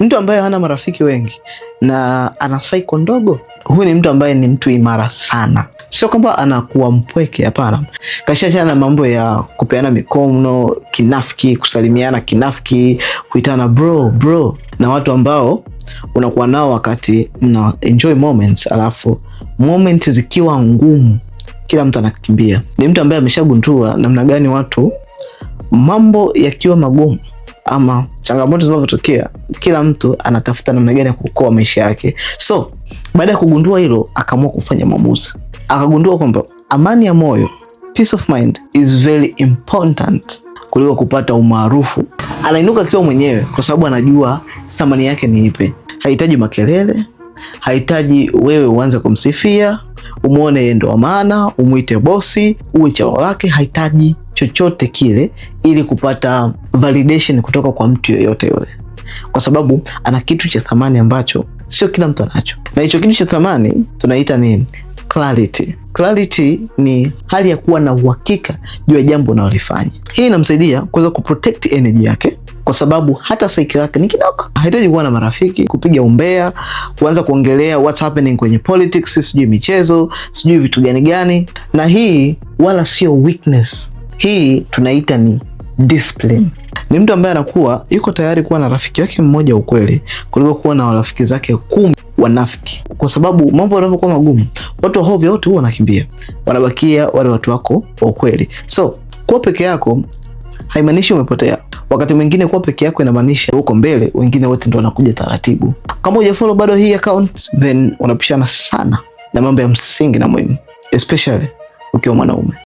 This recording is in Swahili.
Mtu ambaye hana marafiki wengi na ana saiko ndogo, huyu ni mtu ambaye ni mtu imara sana. Sio kwamba anakuwa mpweke, hapana. Kashachana na mambo ya kupeana mikono kinafiki, kusalimiana kinafiki, kuitana bro bro na watu ambao unakuwa nao wakati mna enjoy moments, alafu moment zikiwa ngumu, kila mtu anakimbia. Ni mtu ambaye ameshagundua namna gani watu mambo yakiwa magumu ama changamoto zinazotokea, kila mtu anatafuta namna gani ya kuokoa maisha yake. So baada ya kugundua hilo, akaamua kufanya maamuzi, akagundua kwamba amani ya moyo, peace of mind, is very important kuliko kupata umaarufu. Anainuka akiwa mwenyewe, kwa sababu anajua thamani yake ni ipi. Hahitaji makelele, hahitaji wewe uanze kumsifia, umwone yeye ndo wa maana, umwite bosi, uwe chawa wake, hahitaji chochote kile ili kupata validation kutoka kwa mtu yoyote yule, kwa sababu ana kitu cha thamani ambacho sio kila mtu anacho, na hicho kitu cha thamani tunaita ni clarity. Clarity ni hali ya kuwa na uhakika juu ya jambo unalolifanya. Hii inamsaidia kuweza kuprotect energy yake kwa sababu hata saiko yake ni kidogo, hahitaji kuwa na marafiki, kupiga umbea, kuanza kuongelea what's happening kwenye politics, sijui michezo, sijui vitu gani gani, na hii wala sio weakness hii tunaita ni discipline. Ni mtu ambaye anakuwa yuko tayari kuwa na rafiki yake mmoja ukweli kuliko kuwa na rafiki zake kumi wanafiki, kwa sababu mambo yanapokuwa magumu, watu wahovya wote huwa wanakimbia, wanabakia wale watu wako wa ukweli. So kuwa peke yako haimaanishi umepotea. Wakati mwingine kuwa peke yako inamaanisha uko mbele, wengine wote ndo wanakuja taratibu. Kama hujafollow bado hii account, then unapishana sana na mambo ya msingi na muhimu, especially ukiwa mwanaume.